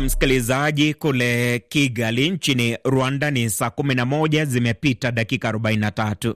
Msikilizaji, kule Kigali nchini Rwanda ni saa 11 zimepita dakika 43.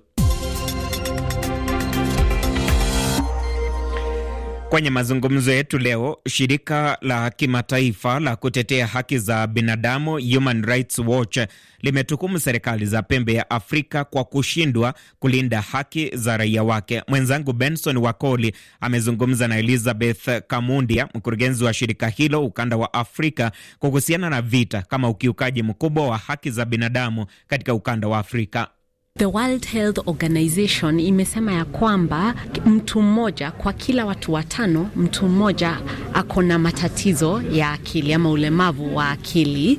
Kwenye mazungumzo yetu leo, shirika la kimataifa la kutetea haki za binadamu Human Rights Watch limetukumu serikali za pembe ya Afrika kwa kushindwa kulinda haki za raia wake. Mwenzangu Benson Wakoli amezungumza na Elizabeth Kamundia, mkurugenzi wa shirika hilo ukanda wa Afrika, kuhusiana na vita kama ukiukaji mkubwa wa haki za binadamu katika ukanda wa Afrika. The World Health Organization imesema ya kwamba mtu mmoja kwa kila watu watano, mtu mmoja ako na matatizo ya akili ama ulemavu wa akili.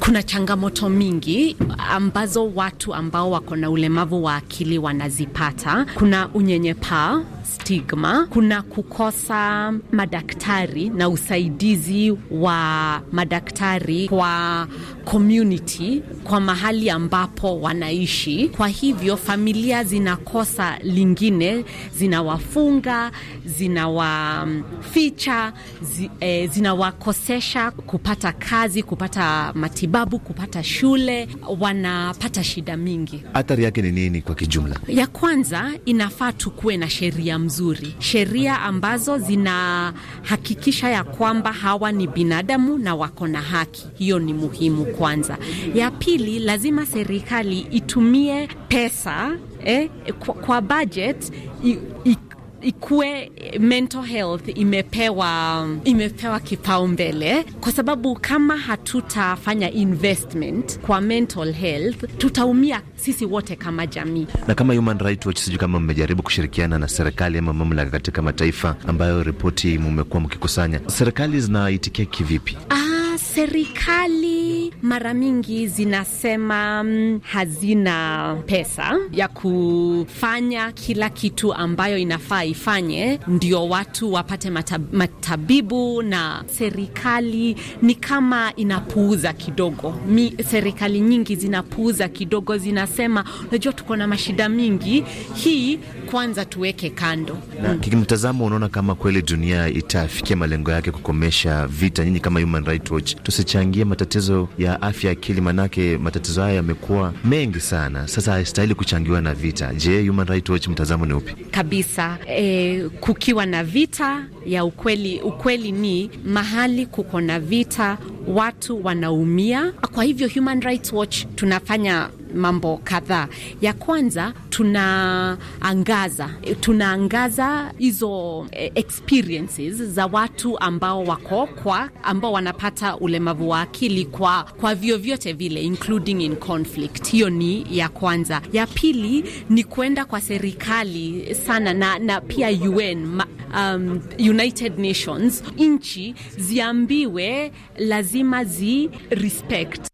Kuna changamoto mingi ambazo watu ambao wako na ulemavu wa akili wanazipata. Kuna unyenyepaa stigma, kuna kukosa madaktari na usaidizi wa madaktari kwa community, kwa mahali ambapo wanaishi. Kwa hivyo familia zinakosa lingine, zinawafunga, zinawaficha, zi, eh, zinawakosesha kupata kazi, kupata matibabu, kupata shule, wanapata shida mingi. Athari yake ni nini kwa kijumla? Ya kwanza, inafaa tukuwe na sheria mzuri, sheria ambazo zinahakikisha ya kwamba hawa ni binadamu na wako na haki. Hiyo ni muhimu kwanza. Ya pili, lazima serikali itumie pesa eh, kwa, kwa budget i, i, ikuwe mental health imepewa, imepewa kipaumbele, kwa sababu kama hatutafanya investment kwa mental health tutaumia sisi wote kama jamii. Na kama Human Rights Watch, sijui kama mmejaribu kushirikiana na serikali ama mamlaka katika mataifa ambayo ripoti mmekuwa mkikusanya, serikali zinaitikia kivipi? Ah, serikali mara mingi zinasema mm, hazina pesa ya kufanya kila kitu ambayo inafaa ifanye ndio watu wapate matab matabibu, na serikali ni kama inapuuza kidogo. Mi, serikali nyingi zinapuuza kidogo, zinasema unajua, tuko na mashida mingi, hii kwanza tuweke kando. Mm. kimtazamo, unaona kama kweli dunia itafikia malengo yake kukomesha vita? Nyinyi kama Human Rights Watch tusichangie matatizo ya ya afya akili, manake matatizo haya yamekuwa mengi sana, sasa haistahili kuchangiwa na vita. Je, Human Rights Watch mtazamo ni upi? Kabisa e, kukiwa na vita ya ukweli, ukweli ni mahali kuko na vita watu wanaumia. Kwa hivyo Human Rights Watch tunafanya mambo kadhaa. Ya kwanza tunaangaza tunaangaza hizo eh, experiences za watu ambao wako kwa ambao wanapata ulemavu wa akili kwa, kwa vyovyote vile including in conflict. Hiyo ni ya kwanza. Ya pili ni kuenda kwa serikali sana na, na pia UN um, United Nations, nchi ziambiwe lazima zi respect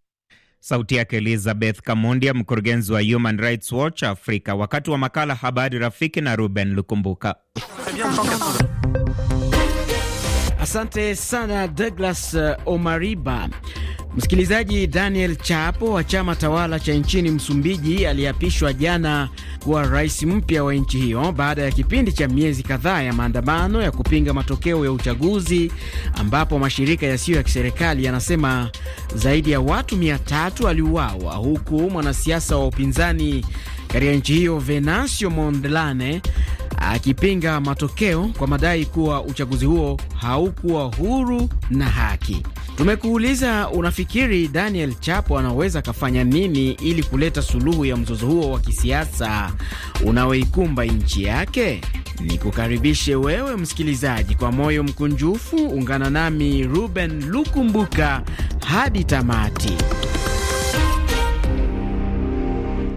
Sauti yake Elizabeth Kamundia, mkurugenzi wa Human Rights Watch Afrika, wakati wa makala Habari Rafiki na Ruben Lukumbuka. Asante sana Douglas eh, Omariba. Msikilizaji, Daniel Chapo wa chama tawala cha nchini Msumbiji aliyeapishwa jana kuwa rais mpya wa nchi hiyo baada ya kipindi cha miezi kadhaa ya maandamano ya kupinga matokeo ya uchaguzi, ambapo mashirika yasiyo ya kiserikali yanasema zaidi ya watu mia tatu aliuawa, huku mwanasiasa wa upinzani katika nchi hiyo Venancio Mondlane akipinga matokeo kwa madai kuwa uchaguzi huo haukuwa huru na haki. Tumekuuliza, unafikiri Daniel Chapo anaweza akafanya nini ili kuleta suluhu ya mzozo huo wa kisiasa unaoikumba nchi yake? Ni kukaribishe wewe msikilizaji, kwa moyo mkunjufu ungana nami Ruben Lukumbuka hadi tamati.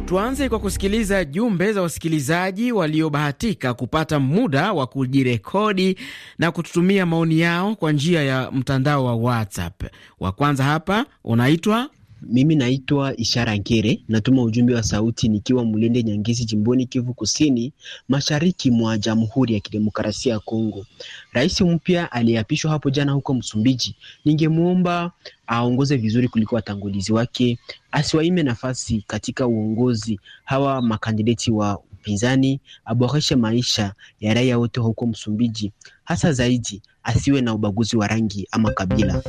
Tuanze kwa kusikiliza jumbe za wasikilizaji waliobahatika kupata muda wa kujirekodi na kututumia maoni yao kwa njia ya mtandao wa WhatsApp. Wa kwanza hapa unaitwa mimi naitwa Ishara Ngere, natuma ujumbe wa sauti nikiwa mlende nyangizi jimboni Kivu Kusini, mashariki mwa Jamhuri ya Kidemokrasia ya Kongo. Rais mpya aliyeapishwa hapo jana huko Msumbiji, ningemwomba aongoze vizuri kuliko watangulizi wake, asiwaime nafasi katika uongozi hawa makandideti wa upinzani, aboreshe maisha ya raia wote huko Msumbiji, hasa zaidi asiwe na ubaguzi wa rangi ama kabila.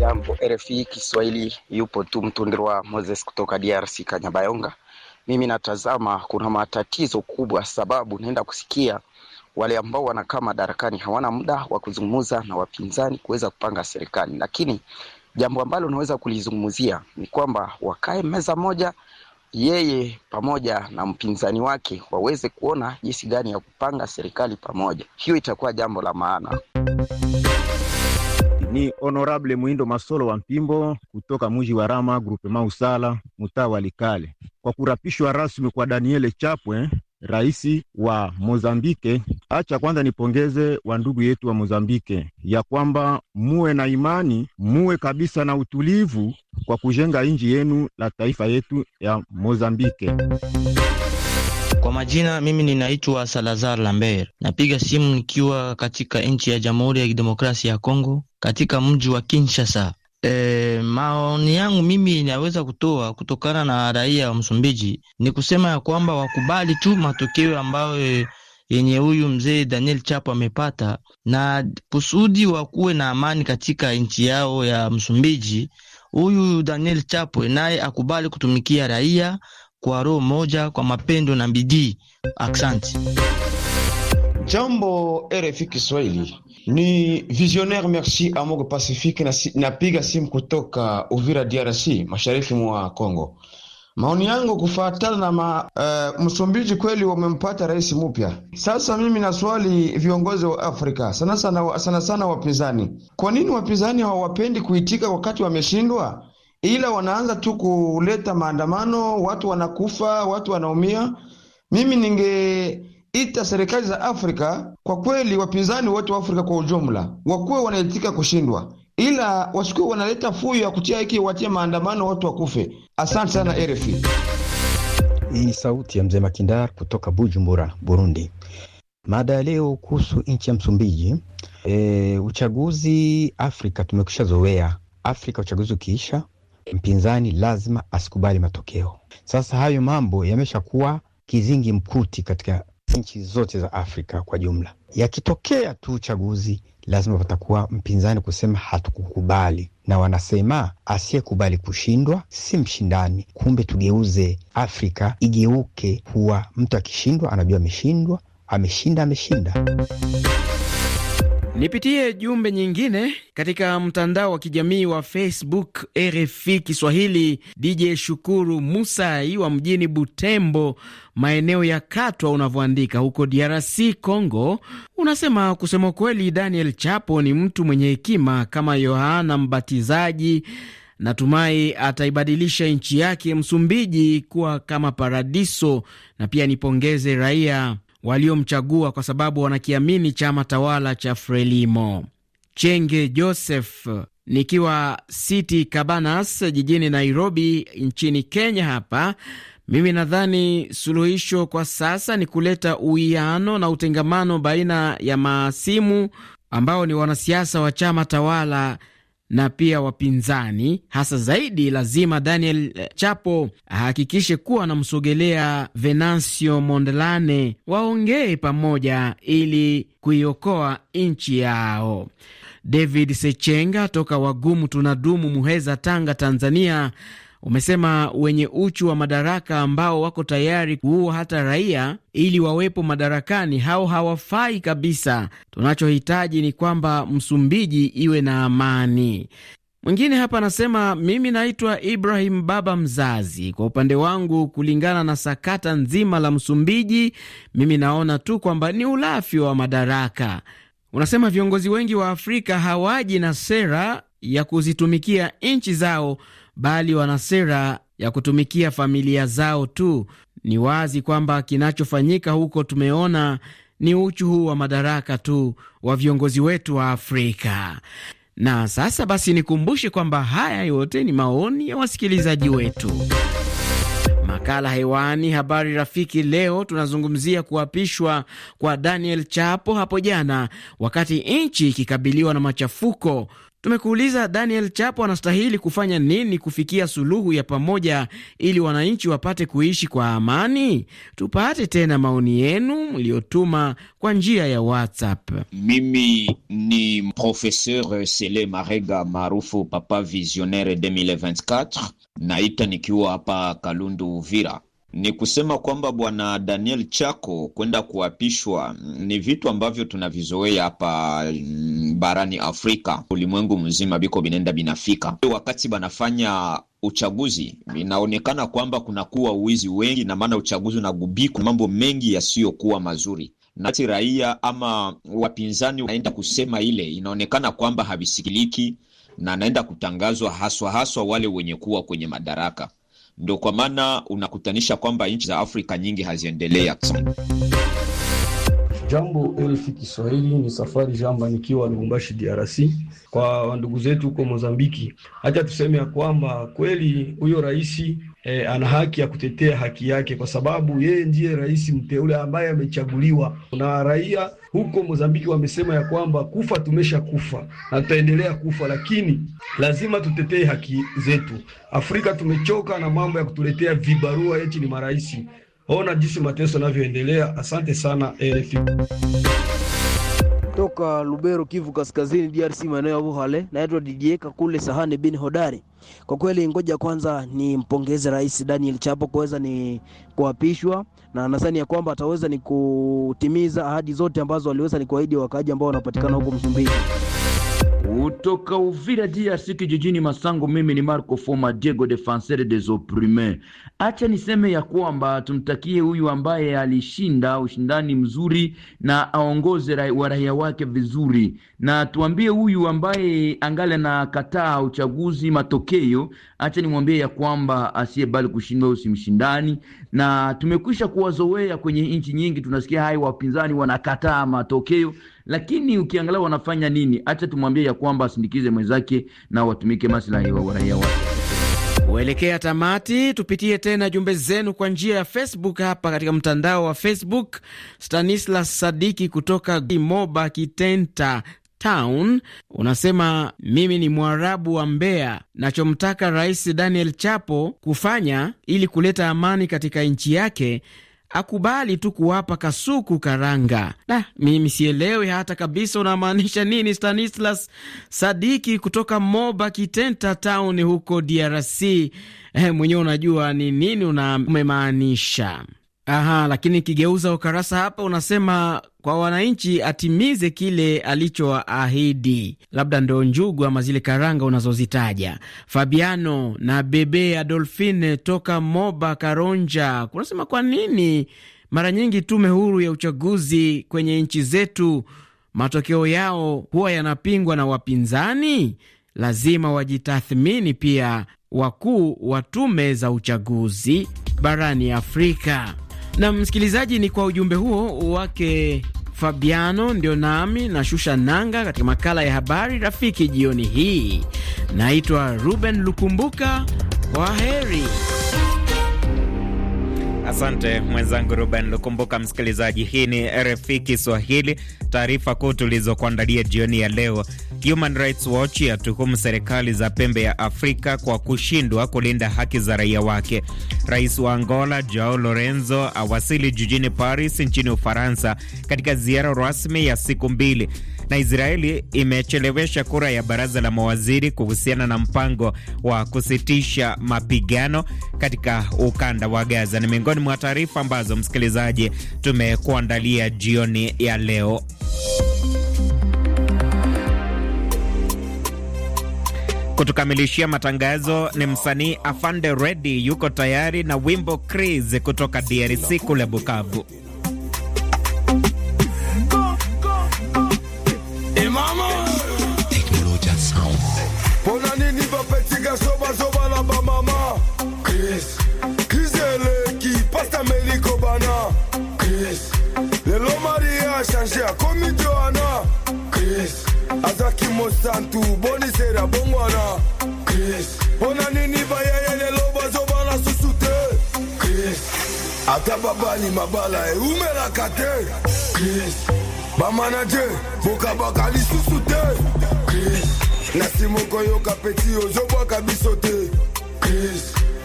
Jambo RFI Kiswahili, yupo tu Mtundiro wa Moses kutoka DRC Kanyabayonga. Mimi natazama kuna matatizo kubwa, sababu naenda kusikia wale ambao wanakaa madarakani hawana muda wa kuzungumza na wapinzani kuweza kupanga serikali, lakini jambo ambalo unaweza kulizungumzia ni kwamba wakae meza moja, yeye pamoja na mpinzani wake waweze kuona jinsi gani ya kupanga serikali pamoja. Hiyo itakuwa jambo la maana. Ni Honorable Mwindo Masolo wa Mpimbo kutoka muji wa Rama, grupema Usala, mtaa wa Likale, kwa kurapishwa rasmi kwa Daniele Chapwe, rais wa Mozambike. Acha kwanza nipongeze wa ndugu yetu wa Mozambike ya kwamba muwe na imani, muwe kabisa na utulivu kwa kujenga nchi yenu la taifa yetu ya Mozambike. Kwa majina mimi ninaitwa Salazar Lambert, napiga simu nikiwa katika nchi ya Jamhuri ya Kidemokrasia ya Kongo katika mji wa Kinshasa. E, maoni yangu mimi inaweza kutoa kutokana na raia wa Msumbiji ni kusema ya kwamba wakubali tu matokeo ambayo e, yenye huyu mzee Daniel Chapo amepata, na kusudi wakuwe na amani katika nchi yao ya Msumbiji. Huyu Daniel Chapo naye akubali kutumikia raia kwa roho moja, kwa mapendo na bidii. Aksanti. Jambo RFI Kiswahili. Ni Visionnaire Merci Amogo Pacifique na si, napiga simu kutoka Uvira DRC, mashariki mwa Kongo. Maoni yangu kufuatana na ma, uh, Msumbiji kweli wamempata rais mpya. Sasa mimi naswali viongozi wa Afrika sana sana, sana, sana wapinzani, kwa nini wapinzani hawapendi kuitika wakati wameshindwa, ila wanaanza tu kuleta maandamano, watu wanakufa, watu wanaumia. Mimi ninge ita serikali za Afrika kwa kweli, wapinzani wote wa Afrika kwa ujumla wakuwe wanaitika kushindwa, ila wasikuwe wanaleta fuyo ya kutia hiki watie maandamano watu wakufe. Asante sana RFI. Ni sauti ya mzee Makindar kutoka Bujumbura, Burundi. Mada ya leo kuhusu nchi ya Msumbiji. E, uchaguzi Afrika tumekusha zoea. Afrika uchaguzi ukiisha, mpinzani lazima asikubali matokeo. Sasa hayo mambo yameshakuwa kizingi mkuti katika nchi zote za Afrika kwa jumla. Yakitokea tu uchaguzi, lazima patakuwa mpinzani kusema hatukukubali, na wanasema asiyekubali kushindwa si mshindani. Kumbe tugeuze Afrika igeuke kuwa mtu akishindwa anajua ameshindwa, ameshinda ameshinda. Nipitie jumbe nyingine katika mtandao wa kijamii wa Facebook RFI Kiswahili. DJ Shukuru Musai wa mjini Butembo, maeneo ya Katwa unavyoandika huko DRC Congo, unasema kusema kweli, Daniel Chapo ni mtu mwenye hekima kama Yohana Mbatizaji. Natumai ataibadilisha nchi yake Msumbiji kuwa kama paradiso, na pia nipongeze raia waliomchagua kwa sababu wanakiamini chama tawala cha Frelimo. Chenge Joseph nikiwa City Cabanas jijini Nairobi nchini Kenya hapa. Mimi nadhani suluhisho kwa sasa ni kuleta uwiano na utengamano baina ya maasimu ambao ni wanasiasa wa chama tawala na pia wapinzani hasa zaidi, lazima Daniel Chapo ahakikishe kuwa anamsogelea Venancio Mondlane, waongee pamoja ili kuiokoa nchi yao. David Sechenga toka Wagumu tunadumu Muheza, Tanga, Tanzania umesema wenye uchu wa madaraka ambao wako tayari kuua hata raia ili wawepo madarakani, hao hawafai kabisa. Tunachohitaji ni kwamba Msumbiji iwe na amani. Mwingine hapa anasema mimi naitwa Ibrahim baba mzazi. Kwa upande wangu, kulingana na sakata nzima la Msumbiji, mimi naona tu kwamba ni ulafi wa madaraka. Unasema viongozi wengi wa Afrika hawaji na sera ya kuzitumikia nchi zao bali wana sera ya kutumikia familia zao tu. Ni wazi kwamba kinachofanyika huko tumeona ni uchu huu wa madaraka tu wa viongozi wetu wa Afrika. Na sasa basi, nikumbushe kwamba haya yote ni maoni ya wasikilizaji wetu. Makala hewani, habari rafiki. Leo tunazungumzia kuapishwa kwa Daniel Chapo hapo jana, wakati nchi ikikabiliwa na machafuko Tumekuuliza Daniel Chapo anastahili kufanya nini kufikia suluhu ya pamoja ili wananchi wapate kuishi kwa amani? Tupate tena maoni yenu mliyotuma kwa njia ya WhatsApp. Mimi ni Profeseur Sele Marega maarufu Papa Visionnaire 2024 naita nikiwa hapa Kalundu Uvira. Ni kusema kwamba bwana Daniel Chako kwenda kuapishwa ni vitu ambavyo tunavizoea hapa mm, barani Afrika, ulimwengu mzima biko vinaenda binafika. Wakati banafanya uchaguzi, inaonekana kwamba kunakuwa uwizi wengi, na maana uchaguzi unagubikwa mambo mengi yasiyokuwa mazuri nati raia ama wapinzani wanaenda kusema ile, inaonekana kwamba havisikiliki na anaenda kutangazwa haswa haswa wale wenye kuwa kwenye madaraka ndo kwa maana unakutanisha kwamba nchi za Afrika nyingi haziendelea Jambo elfi Kiswahili ni safari jamba, nikiwa Lubumbashi DRC kwa ndugu zetu huko Mozambiki. Hacha tuseme ya kwamba kweli huyo rahisi e, ana haki ya kutetea haki yake, kwa sababu yeye ndiye rais mteule ambaye amechaguliwa na raia. Huko Mozambiki wamesema ya kwamba kufa tumesha kufa na tutaendelea kufa, lakini lazima tutetee haki zetu. Afrika tumechoka na mambo ya kutuletea vibarua eti ni marais. Ona jinsi mateso yanavyoendelea. Asante sana RFI. E toka Lubero, Kivu Kaskazini, DRC, maeneo ya Buhale. Naitwa DJ Kakule Sahani bin Hodari. Kwa kweli, ngoja kwanza ni mpongeze Rais Daniel Chapo kuweza ni kuapishwa, na nadhani ya kwamba ataweza ni kutimiza ahadi zote ambazo aliweza ni kuahidi wakaaji ambao wanapatikana huko Msumbiji kutoka Uvira DRC kijijini Masango. Mimi ni Marco Foma Diego Defenseur des Opprimes. Acha niseme ya kwamba tumtakie huyu ambaye alishinda ushindani mzuri na aongoze ra raia wake vizuri, na tuambie huyu ambaye angali kataa uchaguzi matokeo, acha nimwambie ya kwamba bali kushindwa mshindani, na tumekwisha kuwazoea kwenye nchi nyingi, tunasikia hai wapinzani wanakataa matokeo lakini ukiangalia wanafanya nini, acha tumwambie ya kwamba asindikize mwenzake na watumike maslahi wa raia wake. Kuelekea tamati, tupitie tena jumbe zenu kwa njia ya Facebook. Hapa katika mtandao wa Facebook, Stanislas Sadiki kutoka Moba Kitenta Town unasema mimi ni Mwarabu wa Mbeya. Nachomtaka Rais Daniel Chapo kufanya ili kuleta amani katika nchi yake akubali tu kuwapa kasuku karanga. Da, mimi sielewi hata kabisa unamaanisha nini. Stanislas Sadiki kutoka Moba Kitenta Town huko DRC, eh, mwenyewe unajua ni nini unamemaanisha. Aha, lakini kigeuza ukarasa hapa unasema kwa wananchi atimize kile alichoahidi, labda ndo njugu ama zile karanga unazozitaja. Fabiano na Bebe Adolfine toka Moba Karonja kunasema kwa nini mara nyingi tume huru ya uchaguzi kwenye nchi zetu matokeo yao huwa yanapingwa na wapinzani? Lazima wajitathmini pia wakuu wa tume za uchaguzi barani Afrika. Na msikilizaji, ni kwa ujumbe huo wake Fabiano ndio nami na shusha nanga katika makala ya habari rafiki jioni hii. Naitwa Ruben Lukumbuka, kwa heri. Asante mwenzangu Ruben Lukumbuka. Msikilizaji, hii ni RFI Kiswahili. Taarifa kuu tulizokuandalia jioni ya leo: Human Rights Watch yatuhumu serikali za pembe ya Afrika kwa kushindwa kulinda haki za raia wake. Rais wa Angola Joao Lorenzo awasili jijini Paris nchini Ufaransa katika ziara rasmi ya siku mbili na Israeli imechelewesha kura ya baraza la mawaziri kuhusiana na mpango wa kusitisha mapigano katika ukanda wa Gaza. Ni miongoni mwa taarifa ambazo, msikilizaji, tumekuandalia jioni ya leo. Kutukamilishia matangazo ni msanii Afande Redi, yuko tayari na wimbo Crazy kutoka DRC kule Bukavu. santu bonisera bongwana mpona nini bayeyele loba zoba na susu te ata babali mabala eumelaka te bamanaje bokabaka lisusu te na nsima okoyoka peti ozobwaka biso te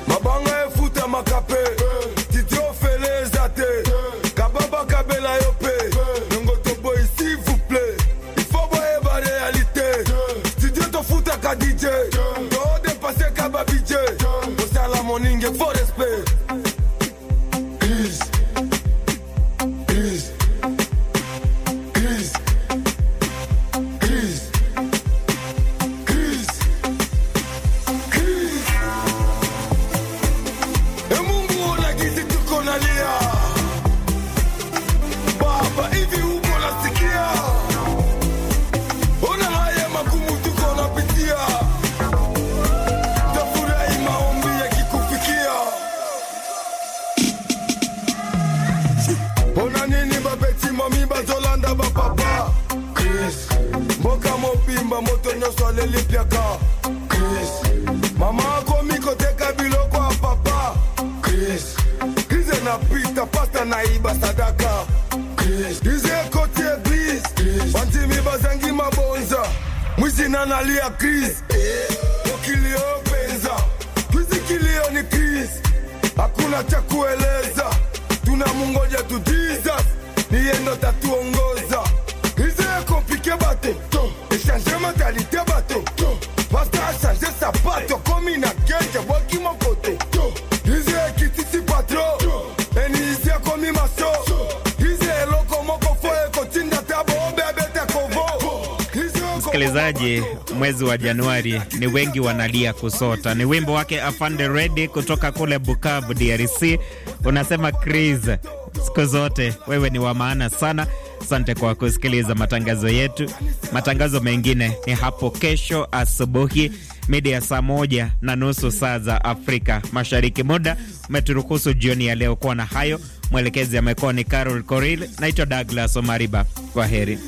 mabanga efutama kape eh. titi ofele eza te moto nyonso alelipiaka mama akomi koteka biloko ya papa krize na pita pasta nayiba sadaka krize ekoti eglise bantimi bazangi mabonza mwisina nalia krise mokili yo mpenza twizikilio ni krise hakuna cha kueleza tuna mungoja tu jesus niye ndo tatuongoza krize ekompike bato changer mentalité bateau Parce qu'elle a changé sa patte comme une je vois qui m'en côté Disait qui t'y suis pas trop Et n'y foe kotinda tabo bebete kovo Msikilizaji, mwezi wa Januari ni wengi wanalia kusota. Ni wimbo wake Afande Redi kutoka kule Bukavu, DRC, unasema Chris, siku zote wewe ni wa maana sana Asante kwa kusikiliza matangazo yetu. Matangazo mengine ni hapo kesho asubuhi mida ya saa moja na nusu saa za Afrika Mashariki. Muda umeturuhusu jioni ya leo kuwa na hayo. Mwelekezi amekuwa ni Carol Coril, naitwa Douglas Omariba. Kwa heri.